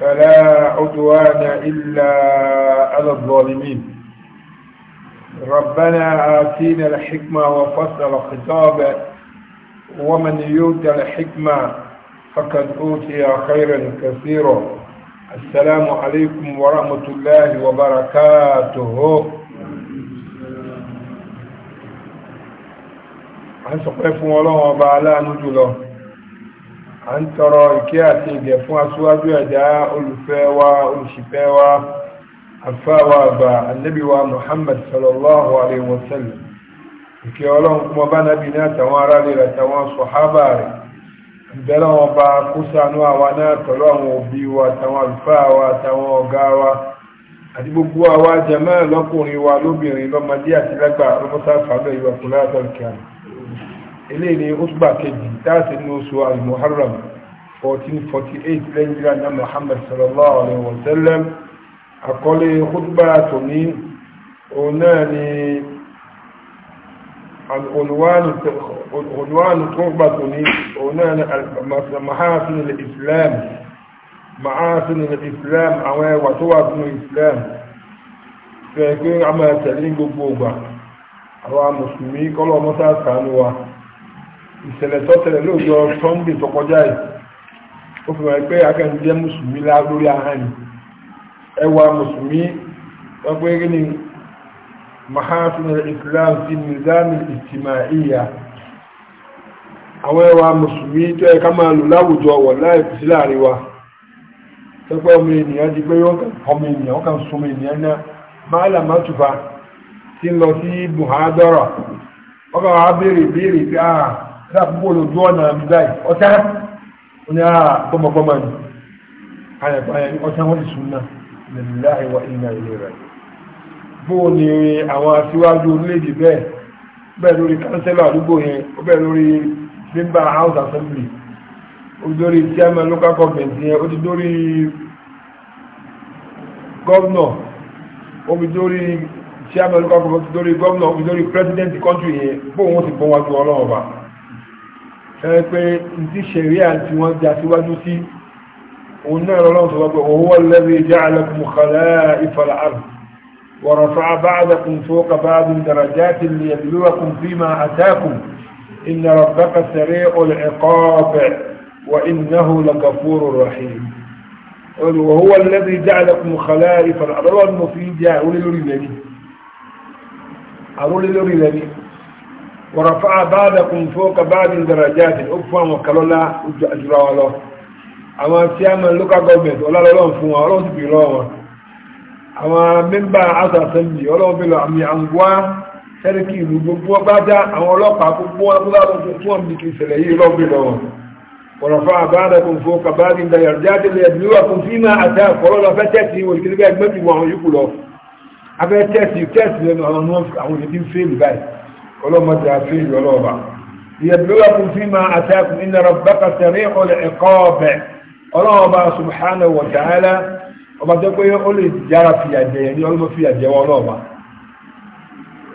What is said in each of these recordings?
فلا عدوان إلا على الظالمين ربنا آتينا الحكمة وفصل الخطاب ومن يؤتى الحكمة فقد أوتي خيرا كثيرا السلام عليكم ورحمة الله وبركاته عن سقف الله وبعلى نجله a ń tọrọ ìkẹ́ àti ìgẹ̀ fún aṣíwájú ẹ̀dá olùfẹ́ wa olùṣìfẹ́ wa afáwa àgbà annabi wa muhammad sallallahu alaihi wasallam ìkẹ́ ọlọ́run kúmọ bá nábi ní àtàwọn ará lè àtàwọn sọ̀hábà rẹ̀ ìbẹ̀rẹ̀ wọn bá kó sànú àwa náà tọ̀lọ́ àwọn òbí wa àtàwọn àlùfáà wa àtàwọn ọ̀gá wa àti gbogbo àwa jẹ́mẹ́ lọ́kùnrin wa lóbìnrin lọ́mọdé àti lágbà ọlọ́mọsáfà bẹ́ẹ̀ ìwà kò àná eléyìí ni oṣùgbà kejì dáàsì ní oṣù al-muharram 1448 lẹ́yìn ìrìn àná muhammad sallallahu alayhi wa sallam àkọlé oṣùgbà tòní òun náà ni عنوان الخطبة توني هنا محاسن الإسلام محاسن الإسلام أو وتوازن الإسلام فيكون عما تلين بوبا أو مسلمي كل ما تسانوا ìṣẹ̀lẹ̀ tó tẹ̀lẹ̀ lóòjọ́ sunday tó kọjá yìí ó fi hàn pé akẹ́ni jẹ́ mùsùlùmí lórí ahọ́n ẹwà mùsùlùmí wọ́n pé kí ni mahasin islam fi nizami ijtimaiya àwọn ẹwà mùsùlùmí tó ẹ̀ka máa lò láwùjọ wọ̀ láì sí láàrin wa ọmọ ènìyàn di pé wọ́n kàn ènìyàn wọ́n kàn ènìyàn náà máa là má tùfà lọ sí dáàbò olójú ọ̀nà mi báyìí ọ̀tá ó ní àá gbọ́mọgbọ́mọ ni àyàgbáyà ní ọ̀tá wọ́n ti sùn náà lillahi wa inna ilayhi raji'un bó ni àwọn aṣíwájú orílẹ̀-èdè bẹ́ẹ̀ bẹ́ẹ̀ lórí kánsẹ́lọ̀ àdúgbò yẹn ó bẹ́ẹ̀ lórí member house assembly ó dórí chairman local government yẹn ó governor ó chairman local government ó governor ó fi dórí country yẹn bó wọn bọ́ wájú ọlọ́run ẹgbẹ́ tí ṣẹ̀ríà tí wọ́n jà síwájú sí òun náà lọ́nà tó wọ́pẹ́ huwa alladhi ja'alakum khala'ifa al-ard wa rafa'a ba'dakum fawqa ba'din darajatin liyabluwakum fima ataakum inna rabbaka sari'ul 'iqab wa innahu laghafurur rahim wa huwa alladhi ja'alakum khala'ifa al-ard wa al-mufid ja'alakum lórí lẹ́ni ورفع بعضكم فوق بعض درجات أفهم وكالولا أجرى الله àwọn tí a máa local government ọlọ́lọ́lọ́ fún wọn ọlọ́run ti bèèrè wọn àwọn mẹ́mbà house assembly ọlọ́run bèèrè àmì àǹgbá sẹ́ríkì ìlú gbogbo ọgbájá àwọn ọlọ́pàá gbogbo ọgbọ́n tí wọ́n bí kì í ṣẹlẹ̀ yìí ọlọ́run bèèrè wọn ọ̀rọ̀fà àbáradàkùn fún kàbáàdì ìdáyàrúdíádẹ́lẹ̀ ẹ̀dùnúwàkùn fíìmà àti àkọlọ́lọ́ afẹ́ tẹ́ẹ̀tì ìwọ̀n ìkìlẹ́gbẹ̀ẹ́gbẹ́bì wọn yókù lọ afẹ́ tẹ́ẹ̀tì tẹ́ẹ̀tì lẹ́nu àwọn ọmọ àwọn ìdí fẹ́ẹ̀lì báyìí ọlọ́mọdé àfi ìlú ọlọ́ọ̀bà liyabluwakum fima ataakum inna rabbaka sari'ul iqab ọlọ́ọ̀bà subhanahu wa ta'ala ọba tó pé ó lè yára fìyà jẹ ní ọlọ́mọ fìyà jẹ wọn ọlọ́ọ̀bà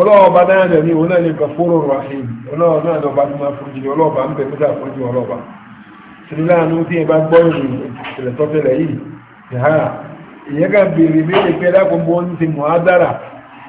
ọlọ́ọ̀bà náà lè ní òun náà lè gafurur rahim ọlọ́ọ̀bà náà lọ́ba tó máa fojú ọlọ́ọ̀bà ń bẹ̀ mẹ́ta fojú ọlọ́ọ̀bà siniláàánú tí ẹ bá gbọ́ ìròyìn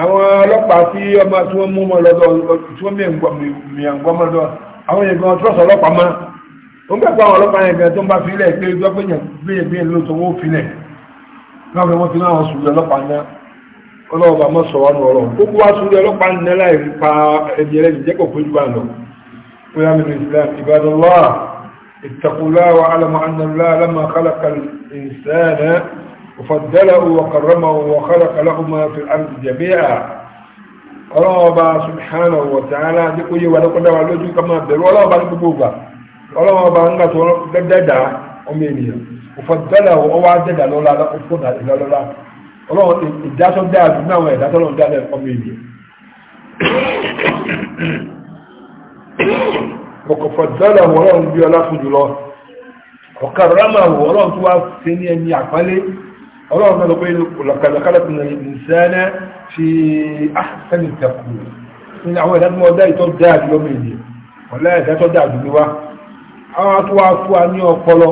àwọn ọlọ́pàá tí ọmọ tí wọ́n mú mọ́ lọ́dọ̀ tí wọ́n mẹ́gbọ́mọ́dọ̀ àwọn èèyàn gan trọ́sọ̀ ọlọ́pàá máa ó ń gbẹ̀gbọ́ àwọn ọlọ́pàá yẹn gan tó ń bá filẹ̀ pé ojú ọgbẹ́yàn gbéyẹ̀gbéyẹ̀ ló tó wọ́n filẹ̀ láwọn wọn ti ní àwọn sùúrù ọlọ́pàá ná ọlọ́ọ̀bà mọ́ sọ wọn ọ̀rọ̀ gbogbo wa sùúrù ọlọ́pàá وفضله وكرمه وخلق لهما في الأرض جميعا ọlọ́ọba subhanahu wa ta'ala dípò yíwa lọ́kọ́dáwà lójú ká máa bẹ̀rù ọlọ́ọba ní gbogbo ọba ọlọ́ọba ń gàtọ̀ dẹ́dẹ́dà ọmọ ènìyàn òfòdọ́là ọwọ́ dẹ́dà lọ́la òfòdà ìlọ́lọ́lá ọlọ́ọ̀ ìdásọ́ dáa ju náà ìdásọ́ lọ́n dáa ọmọ ènìyàn. òfòdọ́là ọlọ́run bí ọlá fún jùlọ ọlọ́run náà ló pé lọ́kàlọ́kàlọ́kùn ìsẹ́nà fi àṣẹ́lì tẹ̀kù ní àwọn ìdájọ́ ọdá ìtọ́ dáa jùlọ méje ọ̀lá ìdájọ́ dáa jùlọ wa àwọn tó wá fún wa ní ọpọlọ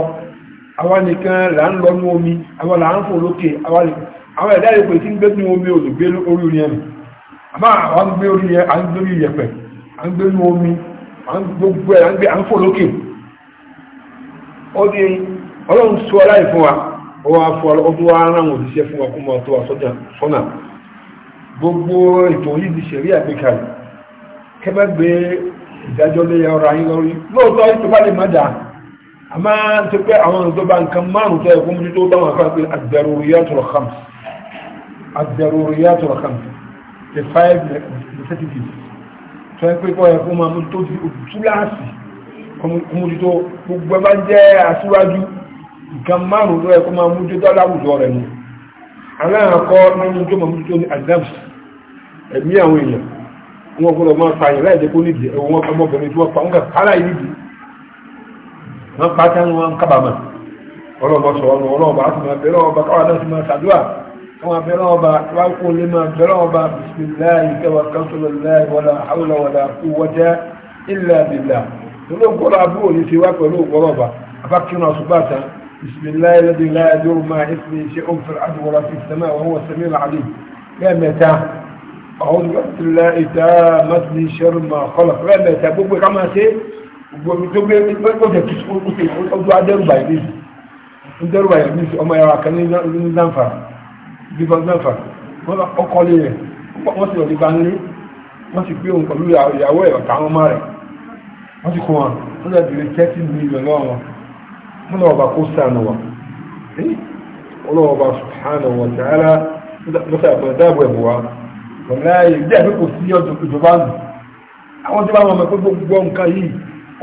àwọn nìkan là ń lọ ní omi àwọn là ń fò lókè àwọn ìdá ìpè tí ń gbé ní omi olùgbé orí orí ẹnu àmọ́ àwọn gbé orí ẹ à ń gbé orí yẹ̀pẹ̀ à ń gbé ní omi à ń gbogbo ẹ à ń fò lókè ó ọlọ́run sọ aláì fún wa ó wá fún ọdún wá rán àwọn òṣìṣẹ́ fún ọkùnrin mọ́ tó wà sọ́nà gbogbo ètò yìí ti ṣẹ̀rí àgbékalẹ̀ kẹ́bẹ́ gbé ìdájọ́ lé ọ̀rọ̀ ayé lórí lóòótọ́ ètò bá lè má dà a máa ń ti pé àwọn ìjọba nǹkan márùn-ún tẹ́ ẹ̀kọ́ mú tó dáwọn afẹ́ kọ́ nǹkan márùn-ún lọ́yẹ̀ kó máa mójútó aláwùjọ rẹ̀ ni aláàkọ́ nínú tó máa mójútó ní adams ẹ̀mí àwọn èèyàn wọn gbọ́dọ̀ máa pa àyàn láìjẹ́ kó nídìí ẹ̀wọ̀n wọn ọmọbìnrin tí wọ́n pa wọn kà kálá yìí nídìí wọn pa tá wọn kábàámà ọlọ́ọ̀bọ sọ̀rọ̀ nù ọlọ́ọ̀bà á sì máa bẹ̀rẹ̀ ọba káwọn adásí máa ṣàdúrà wọn abẹ́rẹ́ ọba wákò lè máa bẹ̀rẹ̀ ọba bisimilayi kẹwàá kẹsùlọ́láì wàlà بسم الله الذي لا يدور ما اسمه شيء في الارض ولا في السماء وهو السميع العليم يا متى أعوذ بسم الله تامت من شر ما خلق يا متى بوبو كما سي بوبو توبي بوبو تكسو تقول أدو أدر بايديس أدر بايديس أما يا كني نانفا بيفا نانفا ولا أقولي wọ́n sì lọ́dí bánilé wọ́n sì pé òun pẹ̀lú ìyàwó ẹ̀ ọ̀tà àwọn ọmọ rẹ̀ wọ́n sì ما wọn wọ́n lọ́dí rẹ̀ 30 million lọ́wọ́ wọn kọ́nà ọba kó sànù wa eh? ọlọ́wọ́ ọba subhanahu wa ta'ala lọ́sẹ̀ àpẹẹrẹ dáàbò ẹ̀bù wa ọ̀nà ayé bí àfi kò sí ọdún ìjọba nù àwọn tí bá wọn mọ̀ pé gbogbo nǹkan yìí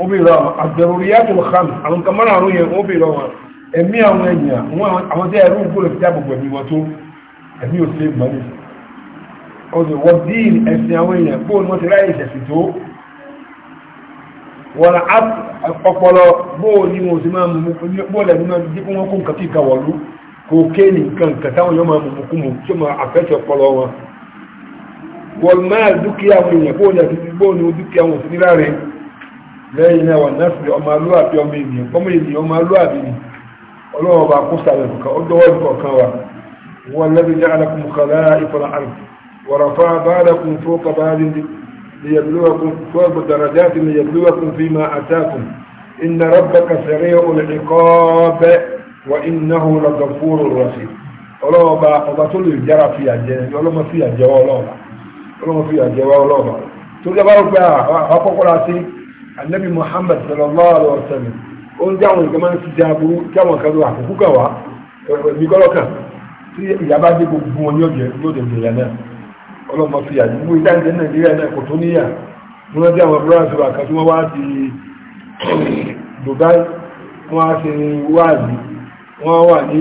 ó bí ra ad-daruriyatul khams àwọn kan mọ́ra àrùn yẹn ó bí ra wọn wọ́n á ọpọlọ bóò ní wọn sí máa mú bóò lẹ́nu máa jí kí wọ́n kún kàkí ìkàwọ̀lú kò kéènì nǹkan nǹkan táwọn yóò máa mú kú mú tí ó máa àfẹ́tì ọpọlọ wọn wọ́n máa dúkìá wọn èèyàn bóò ní àti bóò ní dúkìá wọn sí nílá rẹ̀ lẹ́yìn náà wà náà fi ọmọ ليبلوكم فوق درجات ليبلوكم فيما أتاكم إن ربك سريع العقاب وإنه لغفور رحيم ọlọ́wọ́ bá ọba tó lè jára fi àjẹ ọlọ́mọ fi àjẹwọ́ ọlọ́ọ̀bà ọlọ́mọ fi àjẹwọ́ ọlọ́ọ̀bà tó jẹ́ bá rò pé ah, àkọ́kọ́ra sí anabi muhammad sallallahu alaihi wa sallam ó ń jáwọn nǹkan máa ń ti aburú kí àwọn kan ló àkókò kà wá ẹ̀mí kọ́lọ́kà tí ìyá bá dé gbogbo wọn yóò jẹ yóò dẹ̀ jẹ̀yà náà ọlọ́mọ fi àdúgbò ìdáǹdẹ́ nàìjíríà náà kò tó níyà ní wọ́n dé àwọn búrọ́sì wà kan tí wọ́n wá ti Dubai wọ́n á ṣe wáàdì wọ́n wà ní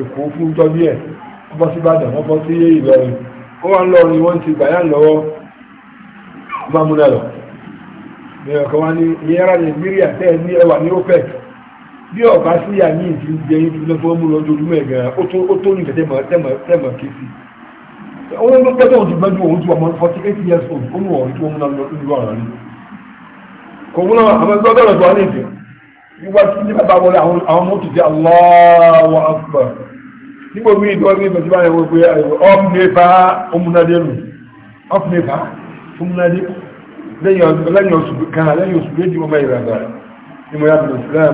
Èkó fún tọ́jú ẹ̀ wọ́n bọ́ sí Ìbàdàn wọ́n bọ́ sí Ìlọrin wọ́n wá ń lọ ni wọ́n ti gbàyà lọ́wọ́ mámúnà lọ bẹ̀rẹ̀ kan wá ní ìyẹ́ra nàìjíríà tẹ́ ní ẹwà ní OPEC bí ọ̀bá sí àyíǹ ti ń jẹ́ yín tó lọ́fọ́ mú lọ́jọ́ ojúmọ́ ẹ̀gàn ó tó ní ìtẹ́tẹ́mọ̀ kí sí òun ló pẹ́ tóun ti gbẹ́jú òun ti wà mọ́ forty eight years old ó mú ọ̀rí tó múná lọ lójú ọ̀rọ̀ rí kò múná àwọn ẹgbẹ́ bẹ̀rẹ̀ tó wà ní ìfẹ́ wíwá tí ní bàbá wọlé àwọn ọmọ tó ti Allahu Akbar nígbà omi ìdọ́rí ìbẹ̀jú bá yẹn wọ́n pé ọ̀pùnẹ́fà ọmúnadé nù ọ̀pùnẹ́fà ọmúnadé lẹ́yìn oṣù kan lẹ́yìn oṣù méjì ọmọ ìrànlá ìmọ̀ yàtọ̀ ìsìlẹ̀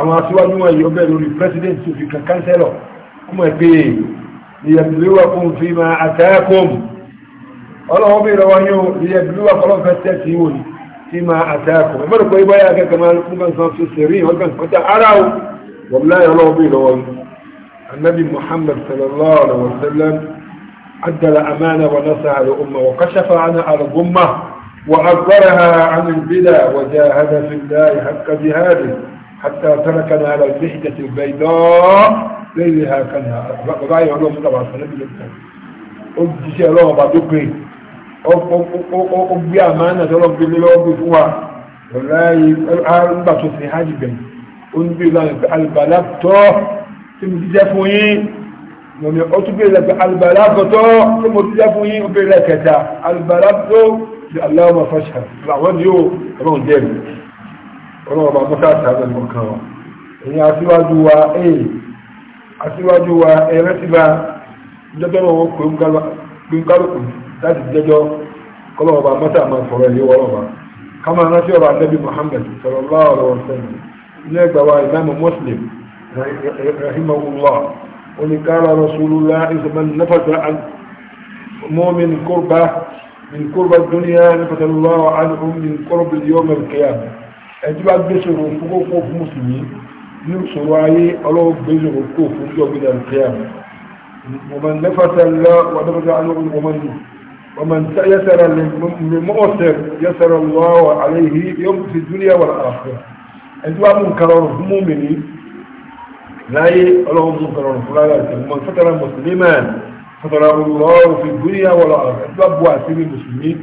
àwọn aṣíwájú wọn yìí ọbẹ̀ lórí pírẹsidẹ́ntì tó fi kan kánsẹ́lọ̀ ọmọ ẹgbẹ́ ليبلوكم فيما أتاكم الله أمير وهي ليبلوك الله فتاتيون فيما أتاكم أمر كوي بايا كما لكم صنف السرين وكما فتا أراو والله الله أمير وهي النبي محمد صلى الله عليه وسلم عدل أمانة ونصع لأمة وكشف عنها على الأمة وعبرها عن البدع وجاهد في الله حق جهاده حتى تركنا على البحدة البيضاء lẹ́yìn ìhà kan ní bàbá yìí ọlọ́run tó bàbá sọ̀rọ̀ níbi kan ó jíṣẹ́ ọlọ́run ọba tó pè ó gbé àmàlà tó lọ́ọ́ gbélé lọ́wọ́ gbé fún wa ọ̀rọ̀ ayé nígbà tó fi hajj bẹ̀rẹ̀ ó ń gbé lọ́wọ́ pé alùbàlà tọ́ tí mo jíṣẹ́ fún yín lọ́mọ ó tún gbé lọ́wọ́ pé alùbàlà tọ́ tí mo jíṣẹ́ fún yín ó bẹ̀rẹ̀ kẹta alùbàlà tó ti aláwọ̀ fàṣà làwọn yóò ọlọ́run jẹ́rìí ọlọ́run ọba mọ́tà àti àwọn ẹ̀mọ́ kan wa èyí aṣíwájú wa ẹ̀yìn eh, aṣíwájú wa ẹ̀rẹ́ ti bá jọjọ́ náà wọ́n pè ń kálùkù láti jẹjọ́ kọlọ́ọ̀bà mọ́tà máa fọ̀rọ̀ ilé wọ́lọ́ọ̀bà kama rántí ọ̀rọ̀ ànábì Muhammad sallallahu alaihi wasallam ilé ẹgbà wa ìmáàmù Muslim rahimahullah oníkàrà rasulullah ìsọ̀mọ́ nífàtà mọ́min kúrbà min kúrbà dúníà nífàtà lọ́wọ́ àdùn min kúrbà yóò mẹ́rin kíyà ẹ̀jú bá gbé ṣòro fúkókó fún mùsùlùmí نصرائي الله بيز الركوف يوم القيامة ومن نفس الله ونفس عنه الغمن ومن يسر لمؤثر يسر الله عليه يوم في الدنيا والآخرة عندما منكر المؤمن لا الله منكر المؤمن ومن فتر مسلما فتر الله في الدنيا والآخرة عندما بواسر المسلمين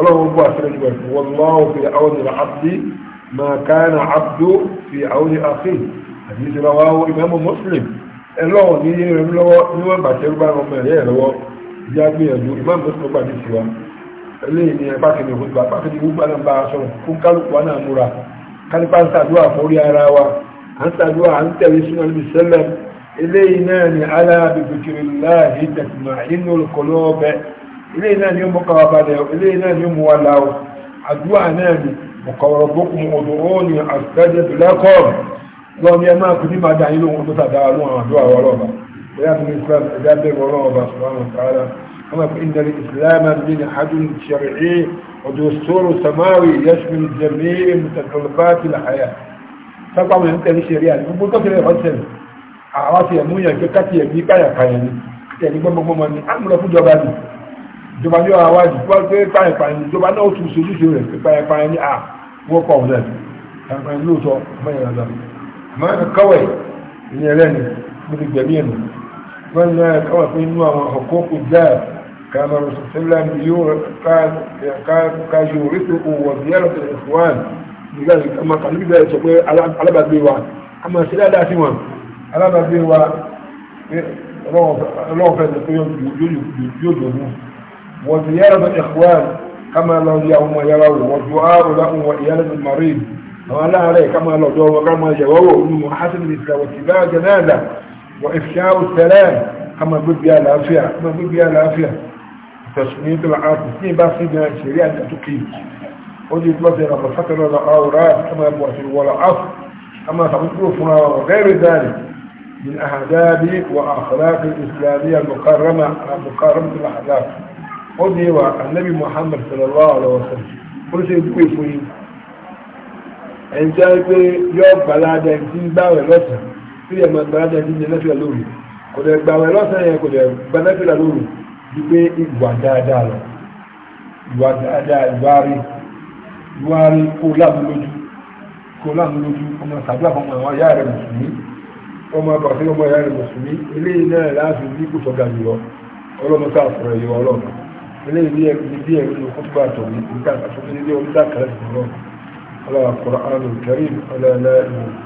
الله بواسر والله في أول العبد ما كان عبد في عون أخيه حديث رواه إمام مسلم ẹlọ́wọ̀n ní yé rẹ̀ lọ́wọ́ níwọ̀n bàtẹ́ rúbá ọmọ ẹ̀yẹ́ ẹ̀ lọ́wọ́ ìyá gbìyànjú Imam Muslim gbà ní tiwa eléyìí ni ẹ̀bá kìnnìún fún ìgbà pàkìtì gbogbo náà bá a sọ̀rọ̀ fún kálukú wa náà múra kálípà ń sàdúrà fún orí ara wa à ń sàdúrà à ń tẹ̀lé sínú ẹ̀lú sẹ́lẹ̀ eléyìí náà ni alábìbìkiri láàyè tẹ̀sùmá inú olùkọ́lọ́ ọbẹ̀ eléyìí náà ni ó mú kàwá eléyìí náà ni ó mú wa láwọ̀ àdúrà náà ni ọ̀kọ̀rọ̀ bókun odò ó ní àṣìṣẹ́jẹ́ tó lẹ́kọ̀ọ́ lọ ní ẹmọ́ àkùdí máa dá yín lóhun tó tàdá lóhun àwọn àdúrà wọ́n lọ́ba bóyá ní islam ẹ̀dá bẹ̀rẹ̀ ọlọ́run ọba sùnwọ́n tààrà wọ́n fi ń darí islam ní ní hajjun shari'i odò sóró samawi yashmin jami'i mutakalbati lahaya sápá wọn ń tẹ̀lé ṣeré àti gbogbo tó kéré àwọn ti ẹ̀mú yẹn kí káti ẹ̀mí káyàkáyà ni ẹ̀mí gbọ́mọgbọ́mọ ni á ìjọba ní ọ̀rọ̀ àwájú tó bá pé pààyàn ní ìjọba náà ó tún ṣe ojúṣe rẹ̀ pé pààyàn ní à wọ́n kọ̀ ọ̀rẹ́ pààyàn lóòótọ́ mẹ́yìn ọ̀dà àmọ́ kọ́wẹ̀ ìyẹn rẹ̀ ni mo ti gbẹ̀mí ẹ̀nu wọ́n ní kọ́wẹ̀ pé inú àwọn ọkọ̀ kò já kàmà rọ̀ṣọ̀tẹ́lá ni yóò ká yóò rí pé òun wọ̀ bí ẹ̀rọ̀ fún wa nígbà tí a bẹ́ẹ̀ sọ pé وزيارة الإخوان كما لو يوم يروا والدعاء لهم وإيانة المريض ولا عليه كما لو دعوا وكما يروا من حسن الإسلام واتباع جنازة وإفشاء السلام كما بيبيا العافية كما بيبيا العافية تسمية العافية سنين بس بسيطة شريعة تقيم وجد مثلا فترة الأوراق كما يبوأسل عصر كما تقول وغير ذلك من أهداب وأخلاق الإسلامية المكرمة المكرمة الأحداث ó ní wa anabi muhammad sallallahu alaihi wa sallam ó ṣe pé fún yín ẹni tí a rí pé yóò gbalada ẹni tí ń gbàwẹ̀ lọ́sàn tí yẹn máa gbalada ẹni tí ń jẹ nẹ́fìlà lóru kò dẹ̀ gbàwẹ̀ lọ́sàn yẹn kò dẹ̀ gba nẹ́fìlà lóru ju pé ìwà dáadáa lọ ìwà dáadáa ìwà rí ìwà rí kó láàmú lójú kó láàmú lójú ọmọ sàdúrà fún ọmọ ìyá rẹ mùsùlùmí ọmọ bàtí ọmọ ìyá rẹ mùsùlùmí eléyìí náà láti ní kò tọ́ga jùlọ ọlọ́mọ sáà fọ̀rọ̀ ìwà ọlọ́mọ الله القرآن الكريم على نائم